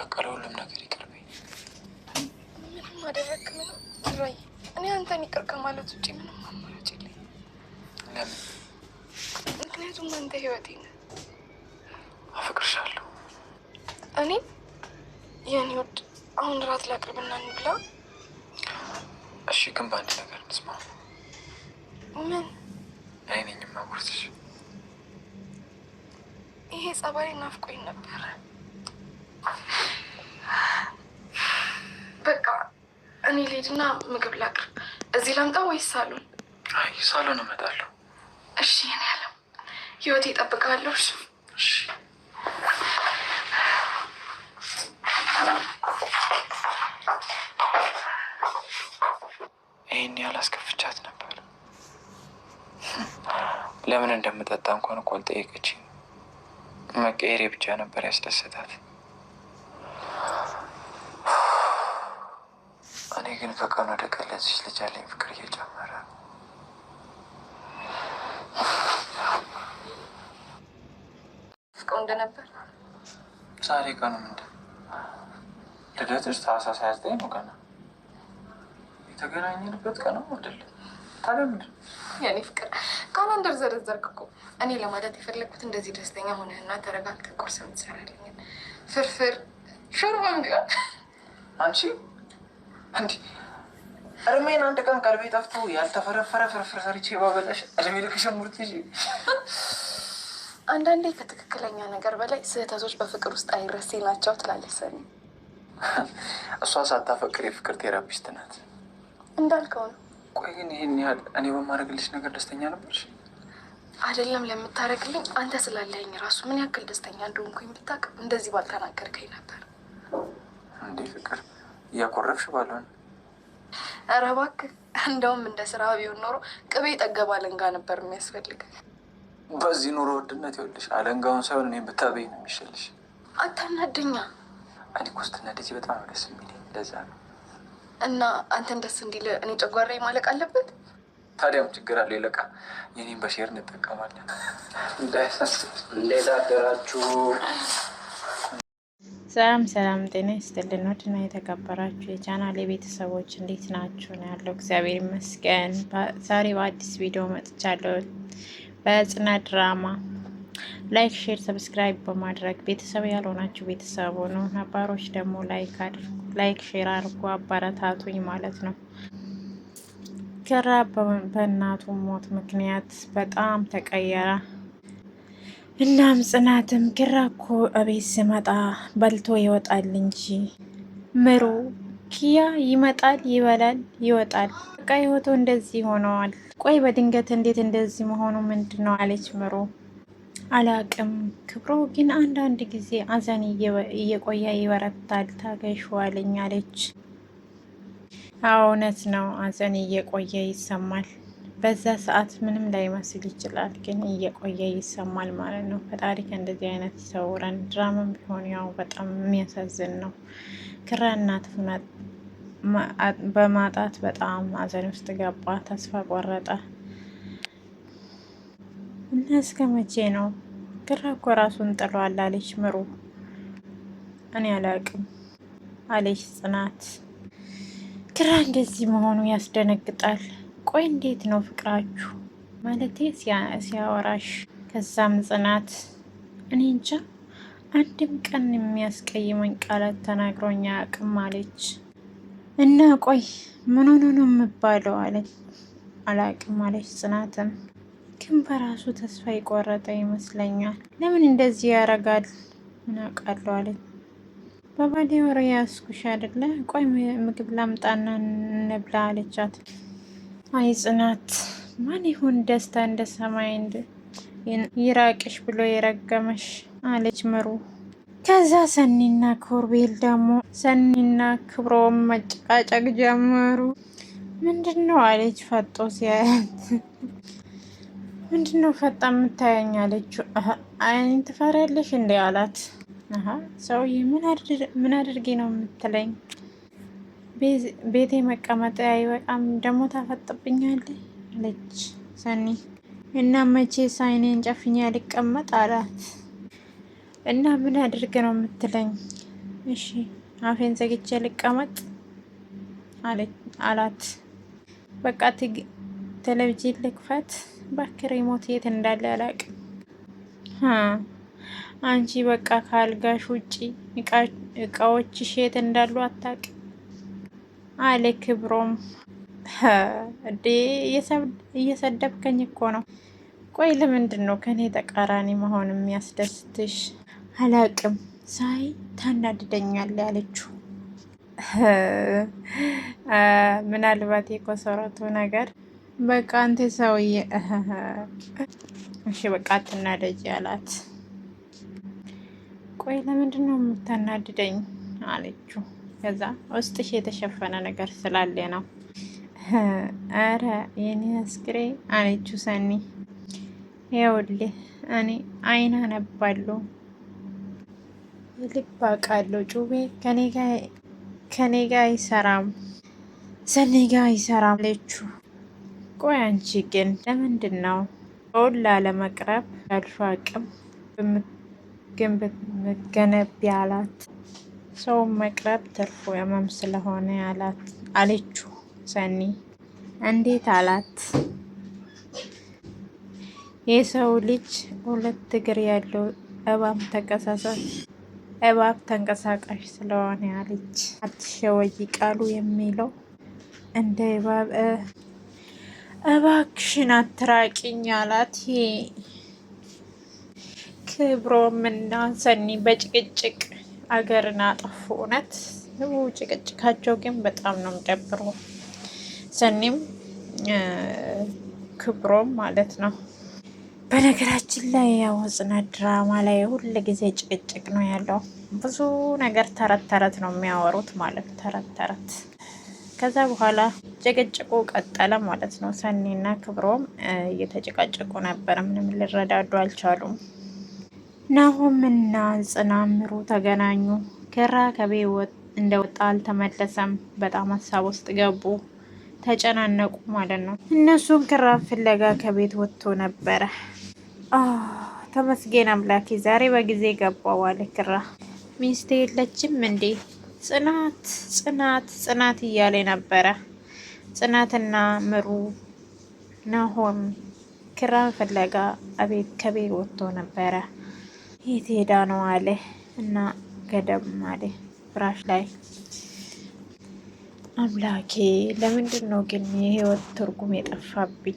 በቃ ለሁሉም ነገር ይቅር ምንም አደረግ ምንም ኪራይ፣ እኔ አንተን ይቅር ከማለት ውጭ ምንም አማራጭ የለኝ። ለምን? ምክንያቱም አንተ ህይወቴ ነህ። አፍቅርሻለሁ። እኔ የእኔ ውድ፣ አሁን እራት ላቅርብና እንብላ። እሺ፣ ግን በአንድ ነገር እንስማማ። ምን? አይነኝም ነኝ ይሄ ጸባይ ናፍቆኝ ነበረ። በቃ እኔ ልሂድና ምግብ ላቅርብ። እዚህ ላምጣ ወይስ ሳሎን? አይ ሳሎን እመጣለሁ። እሺ እኔ ያለው ህይወት ይጠብቃለሁ። እሺ ይህን ያላስከፍቻት ነበር። ለምን እንደምጠጣ እንኳን እኮ አልጠየቀችኝ። መቀየሬ ብቻ ነበር ያስደሰታት። ግን ከቀን ወደ ቀን ለዚች ልጅ ያለኝ ፍቅር እየጨመረ ነው። ፍቅሩ እንደነበር ዛሬ ቀኑ ምንድን ልደትሽ ታህሳስ ሃያ ዘጠኝ ነው። ገና የተገናኘንበት ቀንም አይደለም። ታዲያ ምንድን የኔ ፍቅር ካላንደር ዘረዘርክ እኮ። እኔ ለማለት የፈለግኩት እንደዚህ ደስተኛ ሆነህና ተረጋግተህ ቁርስ የምትሰራልኝን ፍርፍር ሾርባም ቢሆን አንቺ እድሜን አንድ ቀን ቀልቤ ጠፍቶ ያልተፈረፈረ ፍርፍር ሰርቼ ባበላሽ እድሜ ልክሽ ሙርት። አንዳንዴ ከትክክለኛ ነገር በላይ ስህተቶች በፍቅር ውስጥ አይረሴ ናቸው ትላለች ሰኒ። እሷ ሳታፈቅር የፍቅር ቴራፒስት ናት እንዳልከው ነው። ቆይ ግን ይህን ያህል እኔ በማድረግልሽ ነገር ደስተኛ ነበርሽ? አይደለም ለምታደርግልኝ አንተ ስላለኝ ራሱ ምን ያክል ደስተኛ እንደሆንኩኝ ብታውቅ እንደዚህ ባልተናገርከኝ ነበር እንዴ ፍቅር እያኮረፍሽ ባልሆን። ኧረ እባክህ እንደውም እንደ ስራ ቢሆን ኖሮ ቅቤ ጠገብ አለንጋ ነበር የሚያስፈልግ። በዚህ ኑሮ ውድነት ይኸውልሽ አለንጋውን ሳይሆን እኔ ብታበይ ነው የሚሻልሽ። አታናደኛ። እኔ እኮ ስትናደጂ በጣም ነው ደስ የሚል፣ ለዛ ነው እና አንተን ደስ እንዲል እኔ ጨጓራ ማለቅ አለበት። ታዲያም ችግር አለው ይለቃ የኔም በሼር እንጠቀማለን። እንዳይሳስ። እንዴት አደራችሁ? ሰላም ሰላም፣ ጤና ይስጥልን ውድና የተከበራችሁ የቻናል የቤተሰቦች እንዴት ናችሁ? ነው ያለው። እግዚአብሔር ይመስገን። ዛሬ በአዲስ ቪዲዮ መጥቻለሁ። በጽናት ድራማ ላይክ፣ ሼር፣ ሰብስክራይብ በማድረግ ቤተሰብ ያልሆናችሁ ቤተሰብ ሆኑ። ነባሮች ደግሞ ላይክ አድርጉ፣ ላይክ ሼር አድርጉ፣ አባረታቱኝ ማለት ነው። ኪራ በእናቱ ሞት ምክንያት በጣም ተቀየረ። እናም ጽናትም ኪራ እኮ እቤት ስመጣ በልቶ ይወጣል እንጂ ምሩ ኪያ ይመጣል፣ ይበላል፣ ይወጣል። በቃ ህይወቱ እንደዚህ ሆነዋል። ቆይ በድንገት እንዴት እንደዚህ መሆኑ ምንድን ነው አለች ምሩ። አላቅም ክብሮ ግን አንዳንድ ጊዜ አዘን እየቆየ ይበረታል፣ ታገሽዋለኝ አለች። እውነት ነው አዘን እየቆየ ይሰማል። በዛ ሰዓት ምንም ላይመስል ይችላል፣ ግን እየቆየ ይሰማል ማለት ነው። ፈጣሪ ከእንደዚህ አይነት ይሰውረን። ድራማም ቢሆን ያው በጣም የሚያሳዝን ነው። ክራ እናቱን በማጣት በጣም አዘን ውስጥ ገባ፣ ተስፋ ቆረጠ እና እስከ መቼ ነው? ክራ እኮ ራሱን ጥሏል አለች ምሩ። እኔ አላቅም አለች ጽናት። ክራ እንደዚህ መሆኑ ያስደነግጣል። ቆይ እንዴት ነው ፍቅራችሁ? ማለቴ ሲያወራሽ ከዛም ጽናት እኔ እንጃ አንድም ቀን የሚያስቀይመኝ ቃላት ተናግሮኝ አያውቅም አለች። እና ቆይ ምን ሆኖ ነው የምባለው አለ አላውቅም አለች ጽናትም ግን በራሱ ተስፋ የቆረጠ ይመስለኛል። ለምን እንደዚህ ያረጋል? ምን አውቃለሁ አለች። በባሌ ወሬ ያስኩሽ አይደለ? ቆይ ምግብ ላምጣና እንብላ አለቻት። አይ ጽናት ማን ይሁን ደስታ እንደ ሰማይ ይራቅሽ ብሎ የረገመሽ አለች ምሩ። ከዛ ሰኒና ኮርቤል ደግሞ ሰኒና ክብሮም መጨቃጨቅ ጀመሩ። ምንድነው አለች ፈጦ ሲያያት። ምንድነው ፈጣ የምታያኝ አለችው። አይን ትፈሪያለሽ እንዴ አላት። ሰውዬ ምን አድርጌ ነው የምትለኝ ቤቴ መቀመጥ አይበቃም ደግሞ ታፈጥብኛል አለች ሰኒ። እና መቼ አይኔን ጨፍኛ ልቀመጥ አላት። እና ምን አድርግ ነው የምትለኝ? እሺ አፌን ዘግቼ ልቀመጥ አላት። በቃ ቴሌቪዥን ልክፈት፣ ባክ፣ ሪሞት የት እንዳለ አላቅ። አንቺ በቃ ከአልጋሽ ውጪ እቃዎችሽ የት እንዳሉ አታቅ አለ ክብሮም። እዴ እየሰደብከኝ እኮ ነው። ቆይ ለምንድን ነው ከኔ ተቃራኒ መሆን የሚያስደስትሽ? አላቅም ሳይ ታናድደኛለ አለችው። ምናልባት የኮሰረቱ ነገር በቃ አንተ ሰውዬ፣ እሺ በቃ አትናደጅ አላት። ቆይ ለምንድን ነው የምታናድደኝ አለችው። ከዛ ውስጥሽ የተሸፈነ ነገር ስላለ ነው። አረ የኔ አስክሬ አለችው ሰኒ። ይኸውልህ እኔ አይን አነባለሁ፣ ልብ አውቃለሁ፣ ጩቤ ከኔ ጋ አይሰራም፣ ሰኒ ጋ አይሰራም አለችው። ቆይ አንቺ ግን ለምንድን ነው በሁላ ለመቅረብ ያልሹ አቅም ግን ብትገነቢ አላት። ሰው መቅረብ ትርፉ ህመም ስለሆነ አለችው ሰኒ። እንዴት አላት። የሰው ልጅ ሁለት እግር ያለው እባብ ተንቀሳቃሽ እባብ ተንቀሳቃሽ ስለሆነ አለች። አትሸወይ ቃሉ የሚለው እንደ እባብ እባክሽን አትራቂኝ አላት። ክብሮም እና ሰኒ በጭቅጭቅ አገርን አጠፉ። እውነት ጭቅጭቃቸው ግን በጣም ነው የሚደብሮ። ሰኒም ክብሮም ማለት ነው። በነገራችን ላይ ያው ጽናት ድራማ ላይ ሁል ጊዜ ጭቅጭቅ ነው ያለው። ብዙ ነገር ተረት ተረት ነው የሚያወሩት ማለት ተረት ተረት። ከዛ በኋላ ጭቅጭቁ ቀጠለ ማለት ነው። ሰኒና ክብሮም እየተጨቃጨቁ ነበር። ምንም ሊረዳዱ አልቻሉም። ናሆምና ጽናምሩ ተገናኙ። ኪራ ከቤት እንደወጣ አልተመለሰም። በጣም ሀሳብ ውስጥ ገቡ፣ ተጨናነቁ ማለት ነው። እነሱም ኪራን ፍለጋ ከቤት ወጥቶ ነበረ። ተመስገን አምላኬ ዛሬ በጊዜ ገባው አለ ኪራ። ሚስቴ የለችም እንዴ? ጽናት ጽናት ጽናት እያለ ነበረ። ጽናትና ምሩ ናሆም ኪራን ፍለጋ ከቤት ወጥቶ ነበረ። የት ሄዳ ነው አለ እና ገደም አለ ፍራሽ ላይ። አምላኬ ለምንድን ነው ግን የህይወት ትርጉም የጠፋብኝ?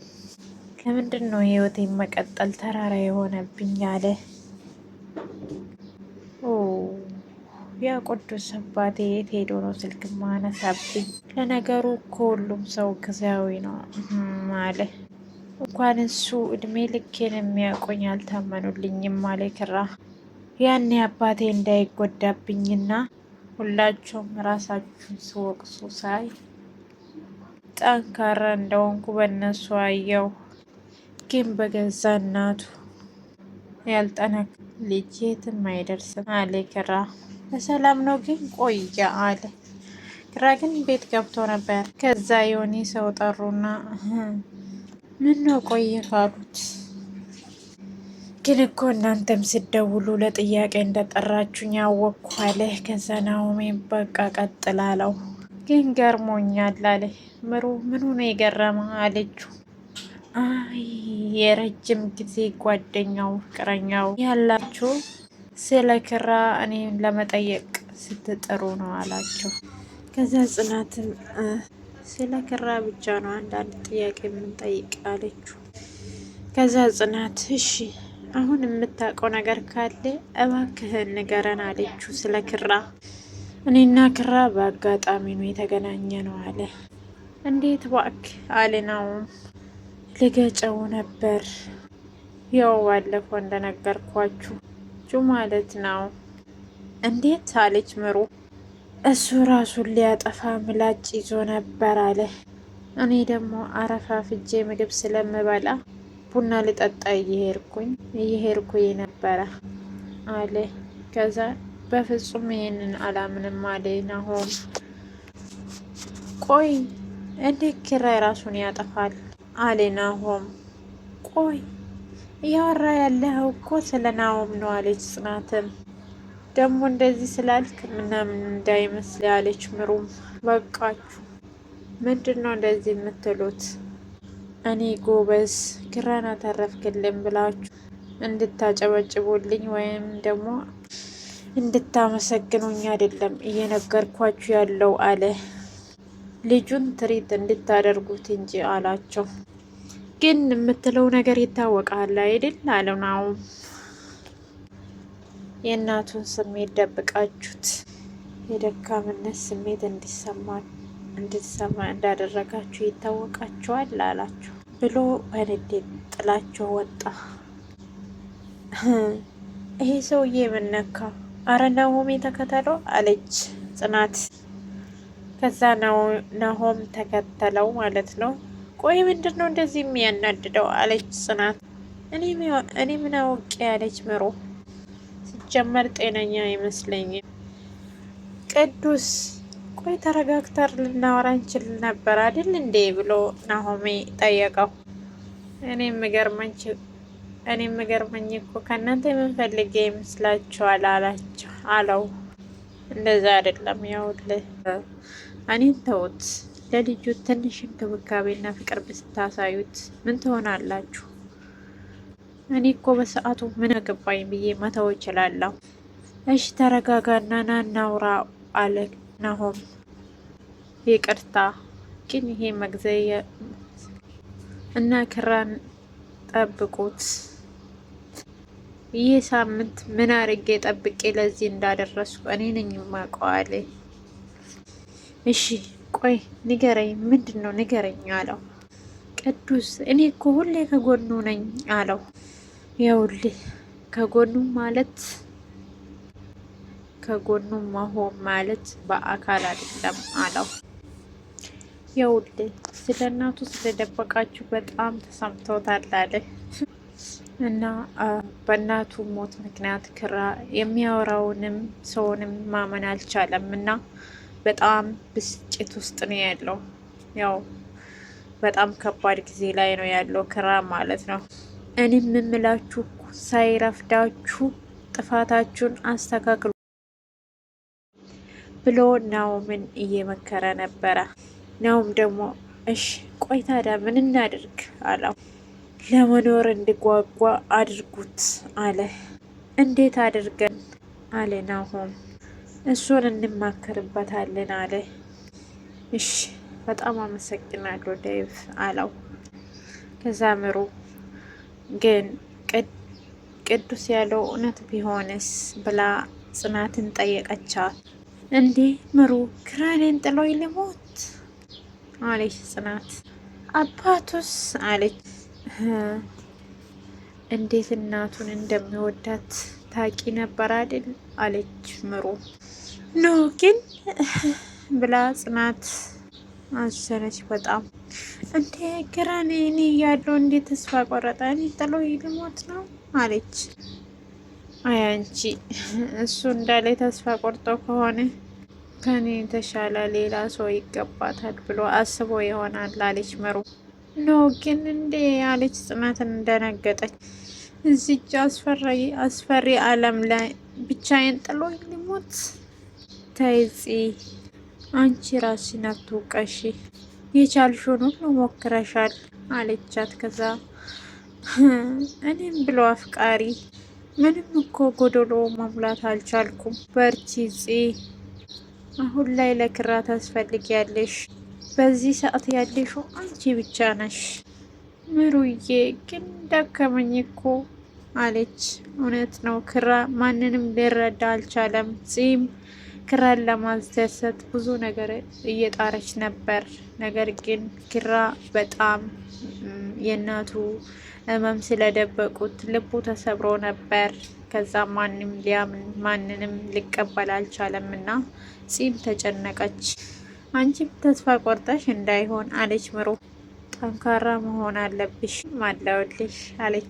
ለምንድን ነው ህይወት መቀጠል ተራራ የሆነብኝ? አለ ያ ቅዱስ አባቴ የት ሄዶ ነው ስልክ ማነሳብኝ? ለነገሩ እኮ ሁሉም ሰው ጊዜያዊ ነው አለ እንኳን እሱ እድሜ ልኬን የሚያውቁኝ አልታመኑልኝም አለ ኪራ። ያኔ አባቴ እንዳይጎዳብኝና ሁላቸውም ራሳችሁን ስወቅሱ ሳይ ጠንካራ እንደሆንኩ በእነሱ አየው። ግን በገዛ እናቱ ያልጠነክ ልጅ የትም አይደርስም አለ ክራ በሰላም ነው ግን ቆየ አለ ክራ። ግን ቤት ገብቶ ነበር። ከዛ የሆነ ሰው ጠሩና ምነው ቆየህ አሉት። ግን እኮ እናንተም ስደውሉ ለጥያቄ እንደጠራችሁኝ አወቅኩ አለ። ከዛ ናሆሜ በቃ ቀጥላለው ግን ገርሞኛል አለ። ምሩ ምኑ ነው የገረመ አለችው። አይ የረጅም ጊዜ ጓደኛው ፍቅረኛው ያላችሁ ስለ ኪራ እኔን ለመጠየቅ ስትጥሩ ነው አላቸው። ከዛ ጽናትም ስለ ክራ ብቻ ነው አንዳንድ ጥያቄ የምንጠይቅ አለችው። ከዛ ጽናት እሺ አሁን የምታውቀው ነገር ካለ እባክህን ንገረን አለችው ስለ ክራ። እኔና ክራ በአጋጣሚ ነው የተገናኘ ነው አለ። እንዴት ባክ አለ ልገጨው ነበር ያው ባለፈው እንደነገርኳችሁ ማለት ነው። እንዴት አለች ምሩ እሱ ራሱን ሊያጠፋ ምላጭ ይዞ ነበር አለ። እኔ ደግሞ አረፋ ፍጄ ምግብ ስለምበላ ቡና ልጠጣ እየሄድኩኝ እየሄድኩኝ ነበረ አለ። ከዛ በፍጹም ይሄንን አላምንም አለ ናሆም። ቆይ እንዴት ኪራይ ራሱን ያጠፋል? አለ ናሆም። ቆይ እያወራ ያለኸው እኮ ስለ ናሆም ነው አለች ጽናትም ደግሞ እንደዚህ ስላልክ ምናምን እንዳይመስል ያለች ምሩም በቃችሁ። ምንድን ነው እንደዚህ የምትሉት? እኔ ጎበዝ ኪራን አተረፍክልን ብላችሁ እንድታጨበጭቡልኝ ወይም ደግሞ እንድታመሰግኑኝ አይደለም እየነገርኳችሁ ያለው አለ። ልጁን ትሪት እንድታደርጉት እንጂ አላቸው። ግን የምትለው ነገር ይታወቃል አይደል አለው የእናቱን ስሜት ደብቃችሁት የደካምነት ስሜት እንዲሰማ እንዳደረጋችሁ ይታወቃችኋል አላችሁ ብሎ በንዴት ጥላቸው ወጣ። ይሄ ሰውዬ የምነካ አረ ናሆም የተከተለው አለች ጽናት። ከዛ ናሆም ተከተለው ማለት ነው። ቆይ ምንድን ነው እንደዚህ የሚያናድደው አለች ጽናት። እኔ ምን አውቄ አለች ምሮ ሲጀመር ጤነኛ አይመስለኝም። ቅዱስ ቆይ ተረጋግተር ልናወራ እንችል ነበር አይደል እንዴ ብሎ ናሆሜ ጠየቀው። እኔ የምገርመኝ እኮ ከእናንተ የምንፈልገ ይመስላችኋል አላቸው አለው። እንደዛ አይደለም ያውል እኔን ተውት። ለልጁ ትንሽ እንክብካቤና ፍቅር ብታሳዩት ምን ትሆናላችሁ? እኔ እኮ በሰዓቱ ምን አገባኝ ብዬ መተው እችላለሁ። እሽ ተረጋጋና ና እናውራ አለ ናሆም። ይቅርታ ግን ይሄ መግዘየ እና ክራን ጠብቁት። ይህ ሳምንት ምን አርጌ ጠብቄ ለዚህ እንዳደረስኩ እኔ ነኝ የማውቀው እሺ ቆይ ንገረኝ፣ ምንድን ነው ንገረኝ አለው ቅዱስ። እኔ እኮ ሁሌ ከጎኑ ነኝ አለው። ይኸውልህ ከጎኑ ማለት ከጎኑ መሆን ማለት በአካል አይደለም አለው። ይኸውልህ ስለ እናቱ ስለደበቃችሁ በጣም ተሰምቶታል አለ እና በእናቱ ሞት ምክንያት ክራ የሚያወራውንም ሰውንም ማመን አልቻለም እና በጣም ብስጭት ውስጥ ነው ያለው። ያው በጣም ከባድ ጊዜ ላይ ነው ያለው ክራ ማለት ነው። እኔም የምላችሁ ሳይረፍዳችሁ ጥፋታችሁን አስተካክሉ ብሎ ናውምን እየመከረ ነበረ። ናውም ደግሞ እሽ ቆይ ታዲያ ምን እናድርግ አለው። ለመኖር እንድጓጓ አድርጉት አለ። እንዴት አድርገን አለ ናሆም። እሱን እንማከርበታለን አለ። እሽ በጣም አመሰግናለሁ ዴቭ አለው። ከዛ ምሩ ግን ቅዱስ ያለው እውነት ቢሆንስ ብላ ጽናትን ጠየቀቻት። እንዴ ምሩ ክራኔን ጥሎኝ ልሞት አለች ጽናት። አባቱስ አለች። እንዴት እናቱን እንደሚወዳት ታቂ ነበር አይደል? አለች ምሩ። ኖ ግን ብላ ጽናት አዘነች በጣም እንደ ግራኔ እኔ እያለሁ እንዴት ተስፋ ቆረጠ? እኔ ጥለው ሊሞት ነው አለች። አይ አንቺ እሱ እንዳለ ተስፋ ቆርጦ ከሆነ ከኔ የተሻለ ሌላ ሰው ይገባታል ብሎ አስቦ ይሆናል አለች መሩ። ኖ ግን እንዴ አለች ጽናትን እንደነገጠች እዚች አስፈሪ አስፈሪ ዓለም ላይ ብቻዬን ጥሎ ይልሞት ተይጺ አንቺ ራስሽን አትውቀሺ። የቻልሽውን ሁሉ ሞክረሻል አለቻት። ከዛ እኔም ብሎ አፍቃሪ ምንም እኮ ጎዶሎ መሙላት አልቻልኩም። በርቺ ጽ አሁን ላይ ታስፈልግ ያለሽ በዚህ ሰዓት ያለሽው አንቺ ብቻ ነሽ። ምሩዬ ግን ደከመኝ እኮ አለች። እውነት ነው ክራ ማንንም ሊረዳ አልቻለም። ጺም ክራን ለማስደሰት ብዙ ነገር እየጣረች ነበር። ነገር ግን ኪራ በጣም የእናቱ ህመም ስለደበቁት ልቡ ተሰብሮ ነበር። ከዛ ማንም ሊያምን ማንንም ሊቀበል አልቻለም እና ፂም ተጨነቀች። አንቺም ተስፋ ቆርጠሽ እንዳይሆን አለች ምሮ። ጠንካራ መሆን አለብሽ ማለውልሽ አለች።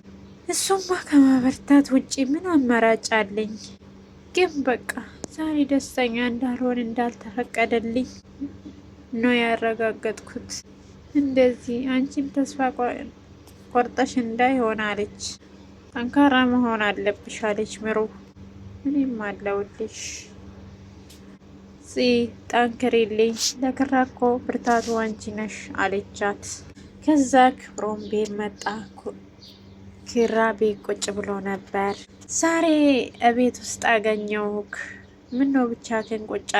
እሱማ ከማበርታት ውጪ ምን አማራጭ አለኝ? ግን በቃ ዛሬ ደስተኛ እንዳልሆን እንዳልተፈቀደልኝ ነው ያረጋገጥኩት። እንደዚህ አንቺም ተስፋ ቆርጠሽ እንዳይሆን አለች። ጠንካራ መሆን አለብሽ አለች ምሩ። እኔም አለውልሽ ጽ ጠንክሪልኝ፣ ለክራ እኮ ብርታቱ አንቺ ነሽ አለቻት። ከዛ ክብሮም ቤት መጣ። ኪራ ቤት ቁጭ ብሎ ነበር። ዛሬ እቤት ውስጥ አገኘውክ ምን ነው ብቻ ቁጭ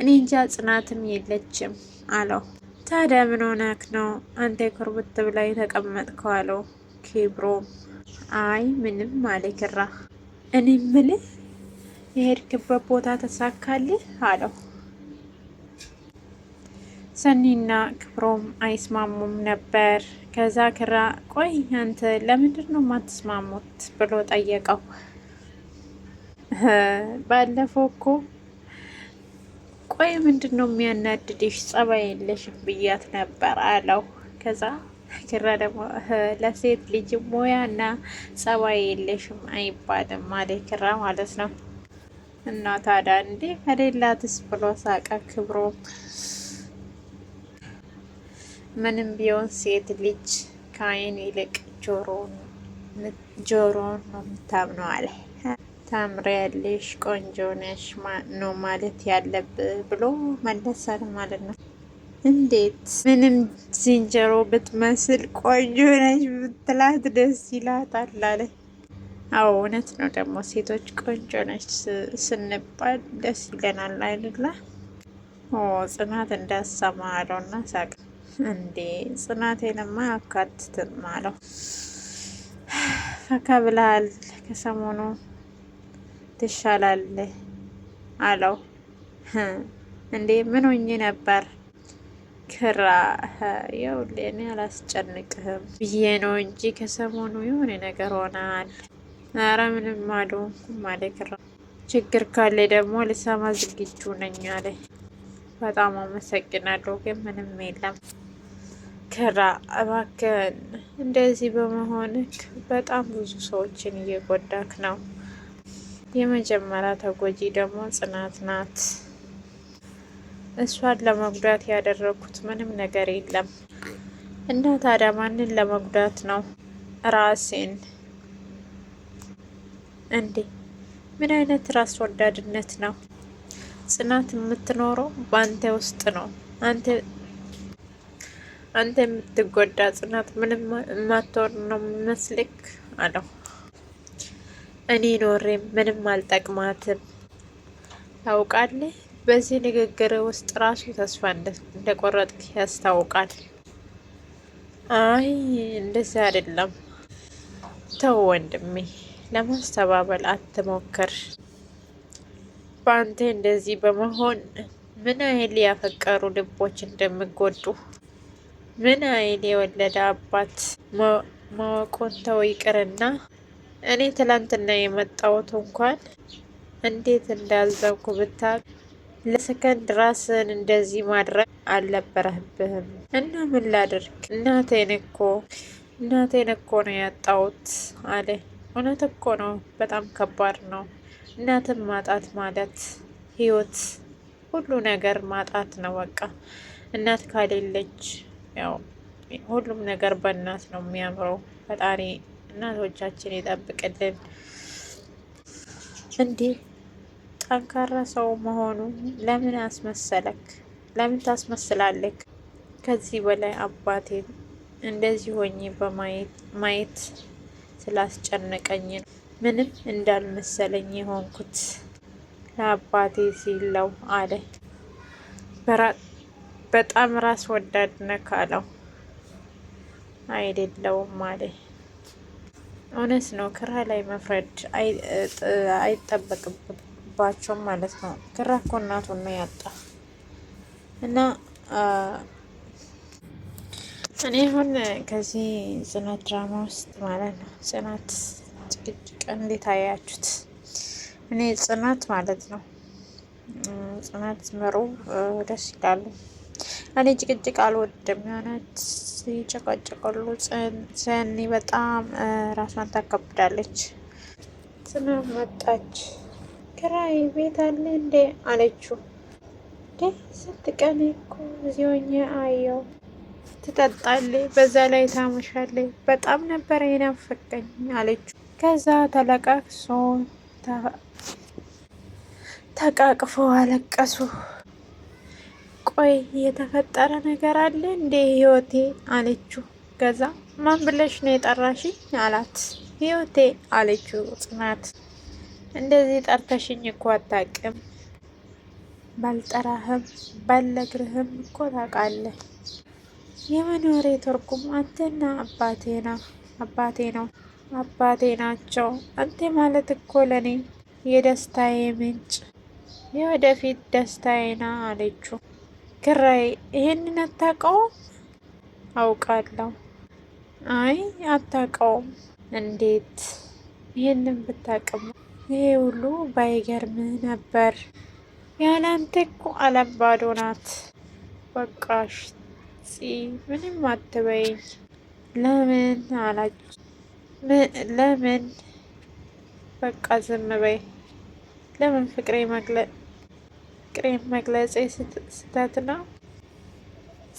እኔ እንጃ ጽናትም የለችም አለው። ታዲያ ምን ሆነክ ነው አንተ የኮርብት ብላይ ተቀመጥከው? አለው ኬብሮም። አይ ምንም አለ ኪራ። እኔ ምልህ የሄድክበት ቦታ ተሳካልህ? አለው ሰኒና ክብሮም አይስማሙም ነበር። ከዛ ክራ ቆይ አንተ ለምንድን ነው የማትስማሙት ብሎ ጠየቀው። ባለፈው እኮ ቆይ ምንድን ነው የሚያናድድሽ? ጸባይ የለሽም ብያት ነበር አለው። ከዛ ኪራ ደግሞ ለሴት ልጅ ሙያና ጸባይ የለሽም አይባልም አለ ኪራ ማለት ነው። እና ታዲያ እንዴ ከሌላትስ ብሎ ሳቀ ክብሮ። ምንም ቢሆን ሴት ልጅ ከአይን ይልቅ ጆሮን ጆሮን ነው የምታምነው አለ። ታምሪያለሽ፣ ቆንጆ ነሽ ነው ማለት ያለብህ ብሎ መለሳል ማለት ነው። እንዴት ምንም ዝንጀሮ ብትመስል ቆንጆ ነሽ ብትላት ደስ ይላታል አለ። አዎ እውነት ነው። ደግሞ ሴቶች ቆንጆ ነች ስንባል ደስ ይለናል አይደለ? ጽናት እንዳሰማ አለው እና ሳቅ። እንዴ ጽናቴንማ አካትትም አለው። ፈካ ብለሃል ከሰሞኑ ትሻላለህ አለው። እንዴ ምን ሆኜ ነበር ክራ ያው እኔ አላስጨንቅህም ብዬ ነው እንጂ ከሰሞኑ የሆነ ነገር ሆናል። ኧረ ምንም አልሆንኩም አለ ክራ። ችግር ካለ ደግሞ ልሰማ ዝግጁ ነኝ አለ። በጣም አመሰግናለሁ ግን ምንም የለም። ክራ እባክህን እንደዚህ በመሆንክ በጣም ብዙ ሰዎችን እየጎዳክ ነው። የመጀመሪያ ተጎጂ ደግሞ ጽናት ናት። እሷን ለመጉዳት ያደረኩት ምንም ነገር የለም እና ታዲያ ማንን ለመጉዳት ነው? ራሴን። እንዴ ምን አይነት ራስ ወዳድነት ነው? ጽናት የምትኖረው በአንተ ውስጥ ነው። አንተ አንተ የምትጎዳ ጽናት ምንም የማትሆን ነው የሚመስልክ አለው። እኔ ኖሬም ምንም አልጠቅማትም ታውቃለህ። በዚህ ንግግር ውስጥ ራሱ ተስፋ እንደቆረጥክ ያስታውቃል። አይ እንደዚህ አይደለም። ተው ወንድሜ፣ ለማስተባበል አትሞክር። በአንተ እንደዚህ በመሆን ምን ያህል ያፈቀሩ ልቦች እንደሚጎዱ ምን ያህል የወለደ አባት ማወቁን ተው ይቅርና እኔ ትላንትና የመጣሁት እንኳን እንዴት እንዳዘንኩ ብታል። ለሰከንድ ራስን እንደዚህ ማድረግ አልነበረብህም። እና ምን ላድርግ እናቴን እኮ እናቴን እኮ ነው ያጣሁት አለ። እውነት እኮ ነው፣ በጣም ከባድ ነው እናትን ማጣት ማለት ህይወት፣ ሁሉ ነገር ማጣት ነው። በቃ እናት ካሌለች ያው ሁሉም ነገር በእናት ነው የሚያምረው። ፈጣሪ እናቶቻችን ይጠብቅልን። እንዲህ ጠንካራ ሰው መሆኑ ለምን አስመሰለክ? ለምን ታስመስላለክ? ከዚህ በላይ አባቴን እንደዚህ ሆኜ በማየት ስላስጨነቀኝ ነው ምንም እንዳልመሰለኝ የሆንኩት ለአባቴ ሲለው አለ። በጣም ራስ ወዳድ ነካለው አይደለውም አለ። እውነት ነው። ክራ ላይ መፍረድ አይጠበቅባቸውም ማለት ነው። ክራ እኮ እናቱን ነው ያጣ እና እኔ አሁን ከዚህ ጽናት ድራማ ውስጥ ማለት ነው ጽናት ጭቅጭቅ እንዴት አያችሁት? እኔ ጽናት ማለት ነው ጽናት መሩ ደስ ይላሉ። እኔ ጭቅጭቅ አልወድም የሆነት ይጨቃጨቃሉ። ሰኒ በጣም ራሷን ታከብዳለች። ወጣች ክራይ ቤት አለ እንዴ አለችው። እንዴ ስንት ቀን እኮ እዚህ ሆኜ አየሁ። ትጠጣለች፣ በዛ ላይ ታመሻለች። በጣም ነበረ የናፈቀኝ አለችው። ከዛ ተለቃቅሶ ተቃቅፎ አለቀሱ። ቆይ የተፈጠረ ነገር አለ እንዴ ህይወቴ አለችው። ከዛ ማን ብለሽ ነው የጠራሽኝ አላት። ህይወቴ አለችው ጽናት። እንደዚህ ጠርተሽኝ እኮ አታውቅም። ባልጠራህም ባልነግርህም እኮ ታውቃለህ። የመኖሬ ትርጉም አንተና አባቴ ነው አባቴ ነው አባቴ ናቸው። አንተ ማለት እኮ ለእኔ የደስታዬ ምንጭ የወደፊት ደስታዬ ና አለችው። ኪራይ ይሄንን አታውቀውም? አውቃለሁ። አይ አታውቀውም። እንዴት ይህንን ብታውቅም ይሄ ሁሉ ባይገርም ነበር። ያላንተ እኮ ዓለም ባዶ ናት። በቃሽ ፂ ምንም አትበይኝ። ለምን አላች ለምን በቃ ዝም በይ። ለምን ፍቅሬ መግለጽ ፍቅሬን መግለጽ ስህተት ነው።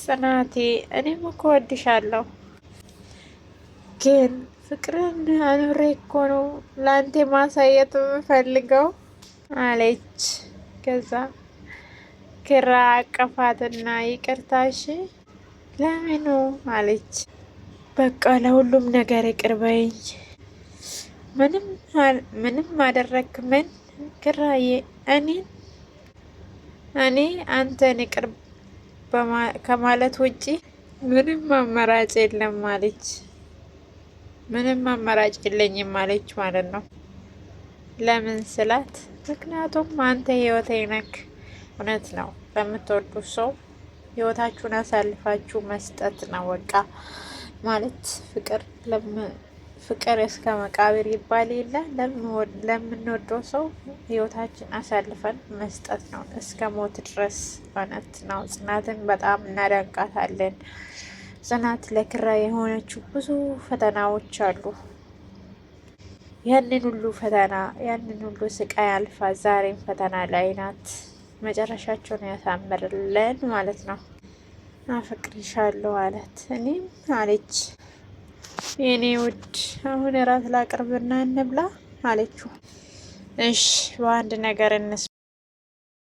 ጽናቴ እኔም እኮ ወድሻለሁ፣ ግን ፍቅርን አኑሬ እኮ ነው ለአንቴ ማሳየት የምፈልገው አለች። ከዛ ክራ አቀፋትና ይቅርታሽ ለምኑ አለች። በቃ ለሁሉም ነገር ይቅር በይኝ። ምንም አደረክ ምን ክራዬ እኔን እኔ አንተን ይቅር ከማለት ውጪ ምንም አማራጭ የለም ማለች። ምንም አማራጭ የለኝም ማለች ማለት ነው። ለምን ስላት፣ ምክንያቱም አንተ ህይወቴ ነክ። እውነት ነው ለምትወዱ ሰው ህይወታችሁን አሳልፋችሁ መስጠት ነው በቃ ማለት ፍቅር ፍቅር እስከ መቃብር ይባል የለ ለምንወደው ሰው ህይወታችን አሳልፈን መስጠት ነው እስከ ሞት ድረስ። እውነት ነው። ጽናትን በጣም እናደንቃታለን። ጽናት ለክራ የሆነችው ብዙ ፈተናዎች አሉ። ያንን ሁሉ ፈተና ያንን ሁሉ ስቃይ አልፋ ዛሬም ፈተና ላይ ናት። መጨረሻቸውን ያሳምርልን ማለት ነው። አፈቅርሻለሁ አላት። እኔም አለች የኔ ውድ አሁን እራት ላቅርብና እንብላ አለችው። እሽ በአንድ ነገር እንስ